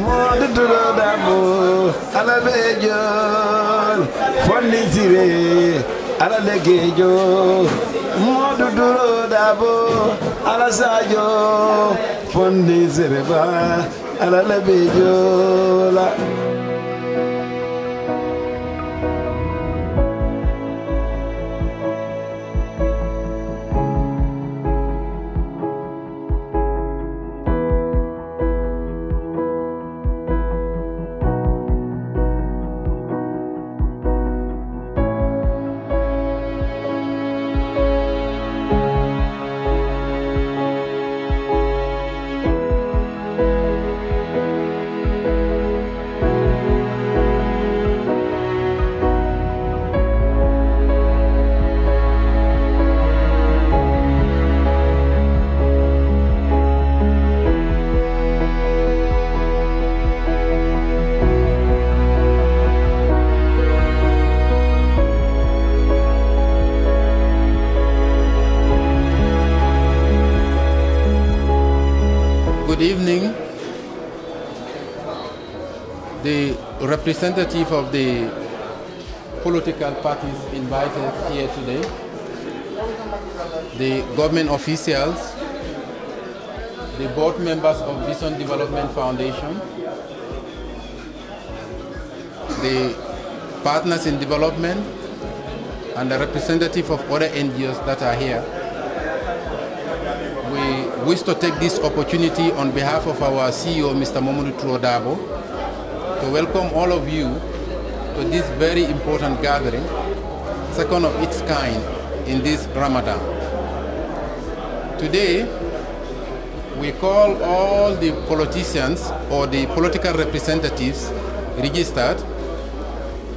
moo di tudd dàmbu ala bee joon fondi sire ala lekkee joo moo di tudd dàmbu ala saajo fondi sire ba ala lebee joo la representative of the political parties invited here today, the government officials, the board members of Vision Development Foundation, the partners in development, and the representative of other NGOs that are here. We wish to take this opportunity on behalf of our CEO, Mr. Momodou Truodabo, to welcome all of you to this very important gathering, second of its kind in this Ramadan. Today, we call all the politicians or the political representatives registered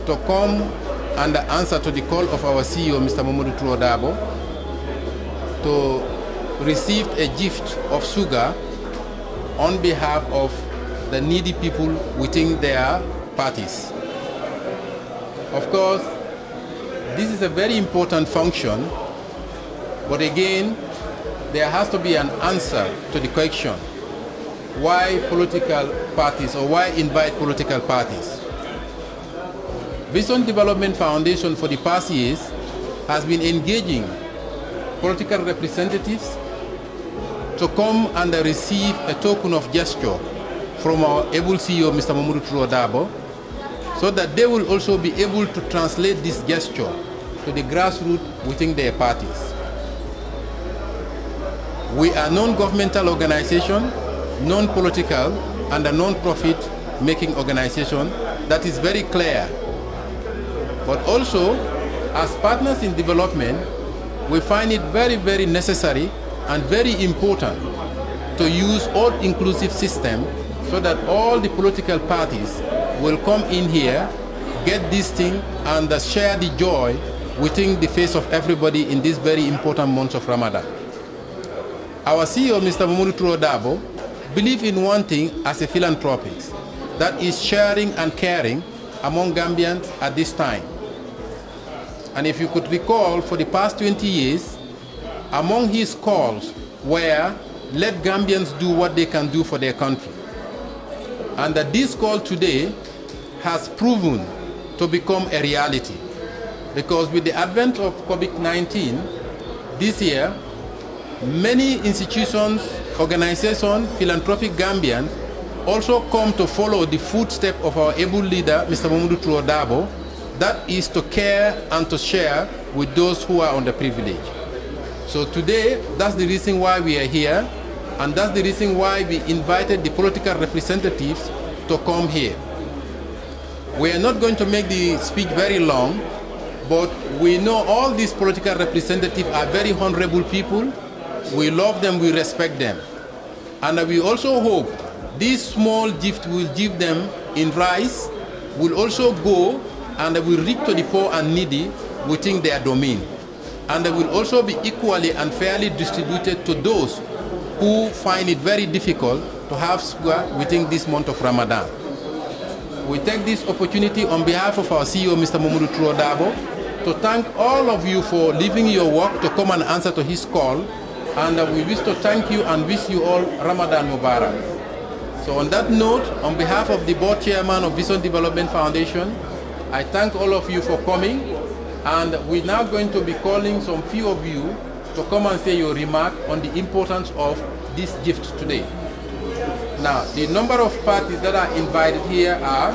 to come and answer to the call of our CEO, Mr. Momodu Tuodabo, to receive a gift of sugar on behalf of the needy people within their parties. Of course, this is a very important function, but again, there has to be an answer to the question why political parties or why invite political parties. Vision Development Foundation for the past years has been engaging political representatives to come and receive a token of gesture from our able CEO, Mr. Mamoudou Dabo, so that they will also be able to translate this gesture to the grassroots within their parties. We are non-governmental organization, non-political, and a non-profit making organization that is very clear. But also, as partners in development, we find it very, very necessary and very important to use all-inclusive system so that all the political parties will come in here, get this thing, and uh, share the joy within the face of everybody in this very important month of Ramadan. Our CEO, Mr. Mumuru Turodabo, believes in one thing as a philanthropist, that is sharing and caring among Gambians at this time. And if you could recall, for the past 20 years, among his calls were let Gambians do what they can do for their country. And that this call today has proven to become a reality. Because with the advent of COVID-19 this year, many institutions, organizations, philanthropic Gambians also come to follow the footstep of our able leader, Mr. Mamudu Truodabo, that is to care and to share with those who are underprivileged. So today, that's the reason why we are here and that's the reason why we invited the political representatives to come here. We are not going to make the speech very long, but we know all these political representatives are very honorable people. We love them, we respect them. And we also hope this small gift will give them in rice, will also go and will reach to the poor and needy within their domain. And will also be equally and fairly distributed to those who find it very difficult to have sugar within this month of Ramadan. We take this opportunity on behalf of our CEO, Mr. Momodu Truodabo, to thank all of you for leaving your work to come and answer to his call. And we wish to thank you and wish you all Ramadan Mubarak. So on that note, on behalf of the board chairman of Vision Development Foundation, I thank all of you for coming. And we're now going to be calling some few of you to say your remark on the importance of this gift today. Now, the number of parties that are invited here are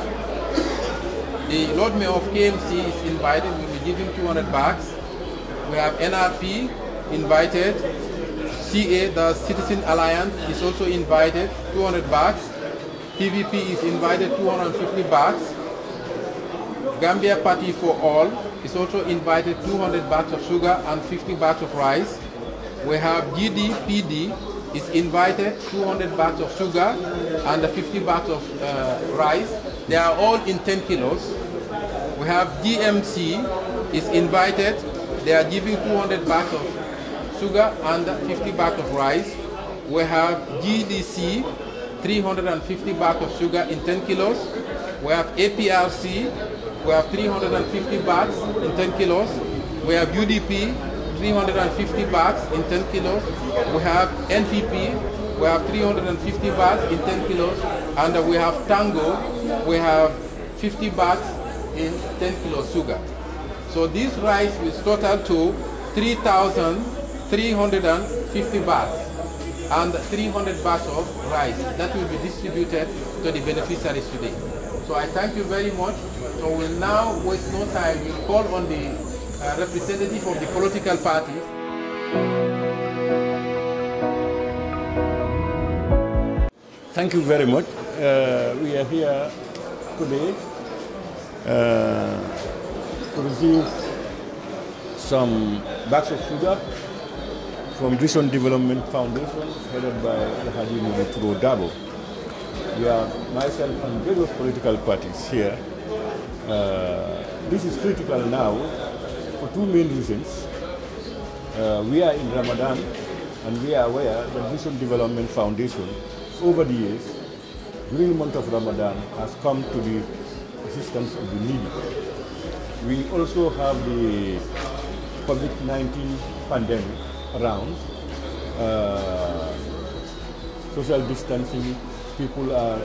the Lord Mayor of KMC is invited, we will give him 200 bucks. We have NRP invited, CA, the Citizen Alliance, is also invited, 200 bucks. PVP is invited, 250 bucks. Gambia Party for All, is also invited 200 bags of sugar and 50 bags of rice. We have GDPD is invited 200 bags of sugar and 50 bags of uh, rice. They are all in 10 kilos. We have DMC is invited. They are giving 200 bags of sugar and 50 bags of rice. We have GDC 350 bags of sugar in 10 kilos. We have APRC we have 350 bags in 10 kilos. We have UDP, 350 bags in 10 kilos. We have NPP, we have 350 bags in 10 kilos. And we have Tango, we have 50 bags in 10 kilos sugar. So this rice is total to 3,350 bags and 300 bags of rice that will be distributed to the beneficiaries today. So I thank you very much. So we'll now waste no time. We'll call on the uh, representative of the political parties. Thank you very much. Uh, we are here today uh, to receive some bags of sugar from Vision Development Foundation headed by Al-Hadi Mubitrudabo we are myself and various political parties here. Uh, this is critical now for two main reasons. Uh, we are in Ramadan and we are aware that Vision Development Foundation over the years during the month of Ramadan has come to the assistance of the needy. We also have the COVID-19 pandemic around, uh, social distancing, people are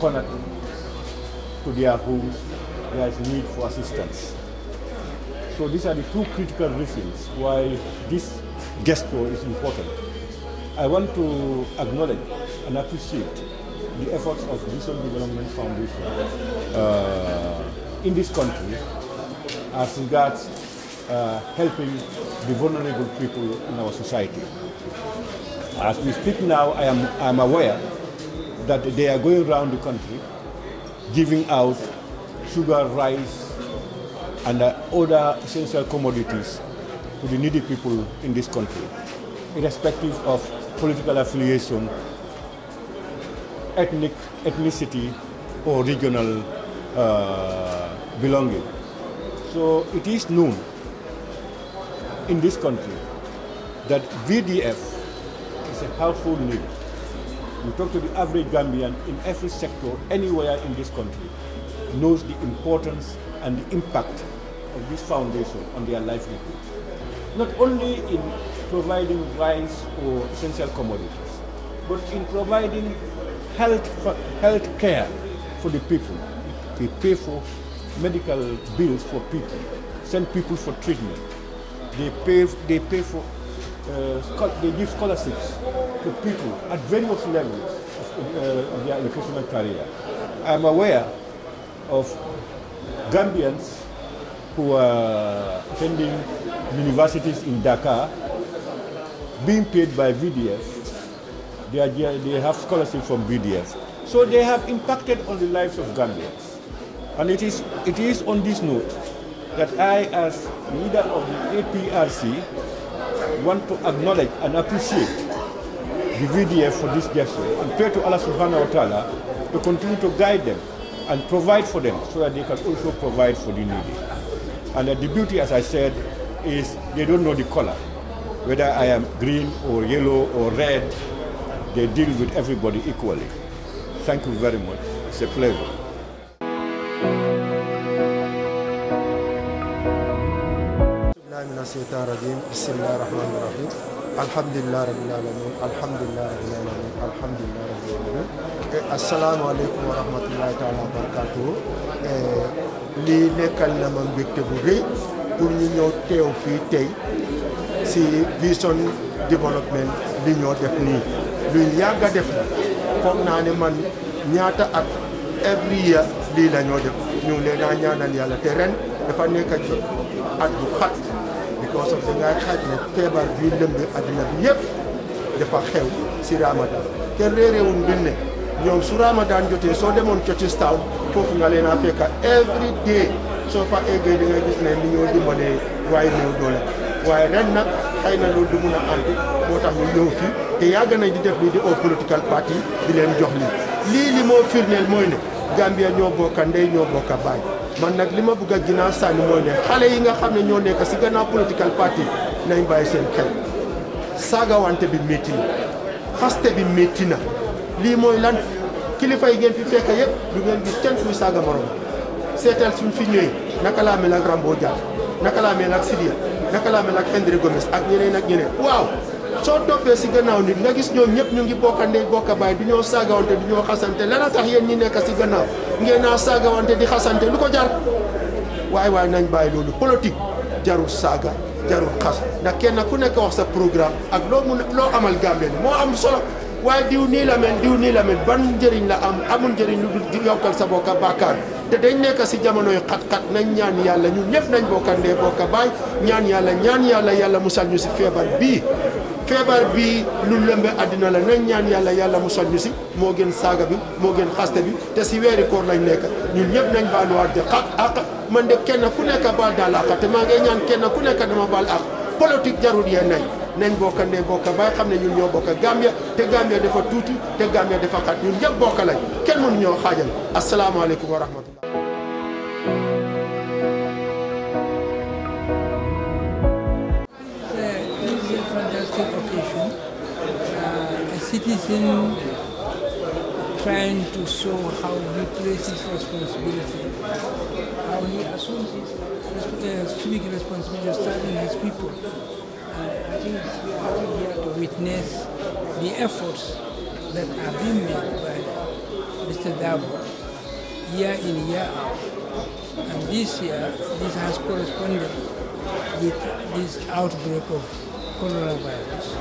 connected to their homes, there is need for assistance. So these are the two critical reasons why this gesture is important. I want to acknowledge and appreciate the efforts of Vision Development Foundation uh, in this country as regards uh, helping the vulnerable people in our society. As we speak now, I am I'm aware that they are going around the country giving out sugar, rice, and uh, other essential commodities to the needy people in this country, irrespective of political affiliation, ethnic ethnicity, or regional uh, belonging. So it is known in this country that VDF is a helpful name you talk to the average Gambian in every sector, anywhere in this country, knows the importance and the impact of this foundation on their livelihood. Not only in providing rice or essential commodities, but in providing health, health care for the people. They pay for medical bills for people, send people for treatment. They pay, they pay for uh, they give scholarships to people at various levels of, uh, of their educational career. I'm aware of Gambians who are attending universities in Dakar being paid by VDF. They, are, they have scholarships from VDF. So they have impacted on the lives of Gambians. And it is, it is on this note that I, as leader of the APRC, want to acknowledge and appreciate the VDF for this gesture and pray to Allah subhanahu wa ta'ala to continue to guide them and provide for them so that they can also provide for the needy. And the beauty, as I said, is they don't know the color. Whether I am green or yellow or red, they deal with everybody equally. Thank you very much. It's a pleasure. الشيطان الرجيم بسم الله الرحمن الرحيم الحمد لله رب العالمين الحمد لله رب العالمين الحمد لله رب العالمين eh, eh, nekkal na ma mbégte bu rëy pour ñu ñëw teew fii tey si vision développement li ñoo def nii lu yàgg a def foog naa ne man ñaata at every year lii la ñoo def ñu ngi ñaanal yàlla te ren dafa nekk at bu xat ko sax da ngaa xaaj ne feebar bii lëmbe addina bi yëpp dafa xew si ramadan te réeréewuñ bi ne ñoom su ramadan jotee soo demoon churches taw foofu nga leen a fekk every day soo fa eggee da nga gis ne li ñoo dimbalee waaye néew doole waaye ren nag xëy na loolu du mun a ànd moo tax ñu ñëw fi te yàgg nañ di def lii di au political party di leen jox lii lii li moo firndeel mooy ne Gambia ñoo bokka ndey ñoo bokka baay man nag li ma bëgg a ginnaaw sànni mooy xale yi nga xam ne ñoo nekk si gannaaw political party nañ bàyyi seen xel wante bi métti na xaste bi métti na lii mooy lan kilifa yi ngeen fi fekk yëpp du ngeen gis kenn kuy saaga morom seetal suñ fi ñëwee naka laa mel ak Rambo Dia naka laa mel ak Sidia naka laa mel ak Henry Gomez ak ñeneen ak ñeneen waaw. soo toppee si gannaaw nit nga gis ñoom ñëpp ñu ngi bokkandee bokka baay du ñoo saagawante du ñoo xasante lana tax yéen ñi nekk si gannaaw ngeen naa saagawante di xasante lu ko jar waaye waaye nañ bàyyi loolu politique jarul saaga jarul xas ndax kenn ku nekk wax sa programme ak loo mun loo amal Gambie moo am solo waaye diw nii la mel diw nii la mel ban njëriñ la am amul njëriñ lu dul yokkal sa bokka bàkkaar te dañ nekk si jamono yu xat-xat nañ ñaan yàlla ñun ñëpp nañ bokkandee bokka baay ñaan yàlla ñaan yàlla yàlla musal ñu si feebar bii feebar bi lu lëmbe àddina la nañ ñaan yàlla yàlla musal ñu si moo gën saaga bi moo gën xaste bi te si weeri koor lañ nekk ñun ñëpp nañ baaluwaat de xaq ak man de kenn ku nekk baal daal àq te maa ngi ñaan kenn ku nekk dama baal àq politique jarul yéen nañ nañ bokka ndey bokka baay xam ne ñun ñoo bokka Gambia te Gambia dafa tuuti te Gambia dafa xat ñun ñëpp bokka lañ kenn mënu ñoo xaajal asalaamaaleykum wa rahmatullah citizen trying to show how he places responsibility, how he assumes his uh, civic responsibility of serving his people. I think we are here to witness the efforts that are being made by Mr. Dabo year in, year out. And this year, this has corresponded with this outbreak of coronavirus.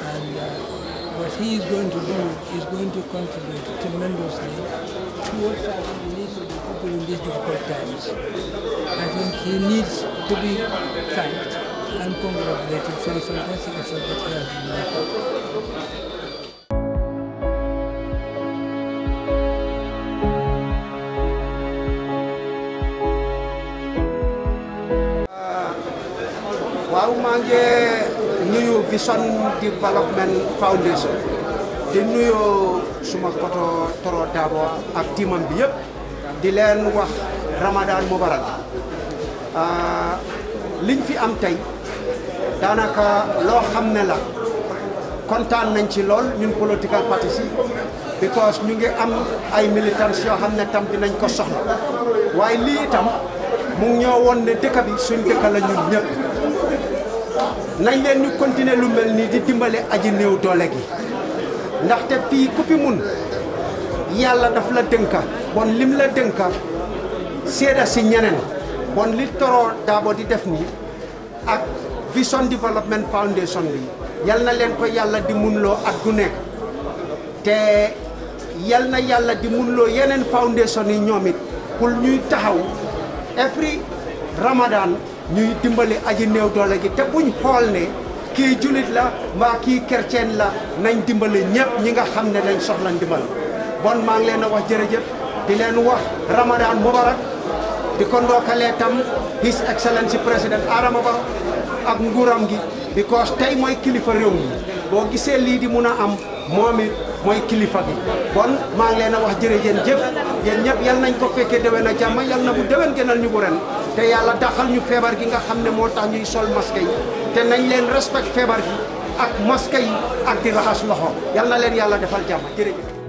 And uh, what he is going to do is going to contribute tremendously towards the needs of the people in these difficult times. I think he needs to be thanked and congratulated for the fantastic effort that he has made. waaw Vision Development Foundation di nuyoo suma koto toro daabo ak timam bi yëpp di leen wax ramadan mubarak ah, liñ fi am tey danaka loo xam ne la kontaan nañ ci lool ñun political parties because ñu ngi am ay militants yoo xam ne tam dinañ ko soxla waaye lii itam mu ñoo woon ne dëkk bi suñ dëkk la ñun ñëpp nañ leen ñu continuer lu mel nii di dimbale aji néew doole gi ndaxte fii ku fi mun yàlla daf la dënka bon lim la dënka seeda si ñeneen bon li Toro Darboe di def nii ak Vision Development Foundation bi yal na leen ko yàlla di munloo at nekk te yal na yàlla di munloo yeneen foundation yi ñoom it pour ñuy taxaw every Ramadan ñuy dimbali aji néew doole gi te buñ xool ne kii julit la mbaa kii kerceen la nañ dimbale ñëpp ñi nga xam ne dañ soxla ndimbal bon maa ngi leen a wax jërëjëf di leen wax ramadan mubarak di ko ndookalee tam his excellence président Adama Barrow ak nguuram gi because tey mooy kilifa réew mi boo gisee lii di mun a am moom mooy kilifa gi bon maa ngi leen a wax jërëjëf jëf yéen ñëpp yal nañ ko fekkee déwén a jàmm yal na bu déwén gënal ñu bu ren te yalla daxal ñu feebar gi nga xamne mo tax ñuy sol masque yi te nañ leen respect feebar gi ak masque yi ak di raxas loxo yalla leen yalla defal jàmm jërëjëf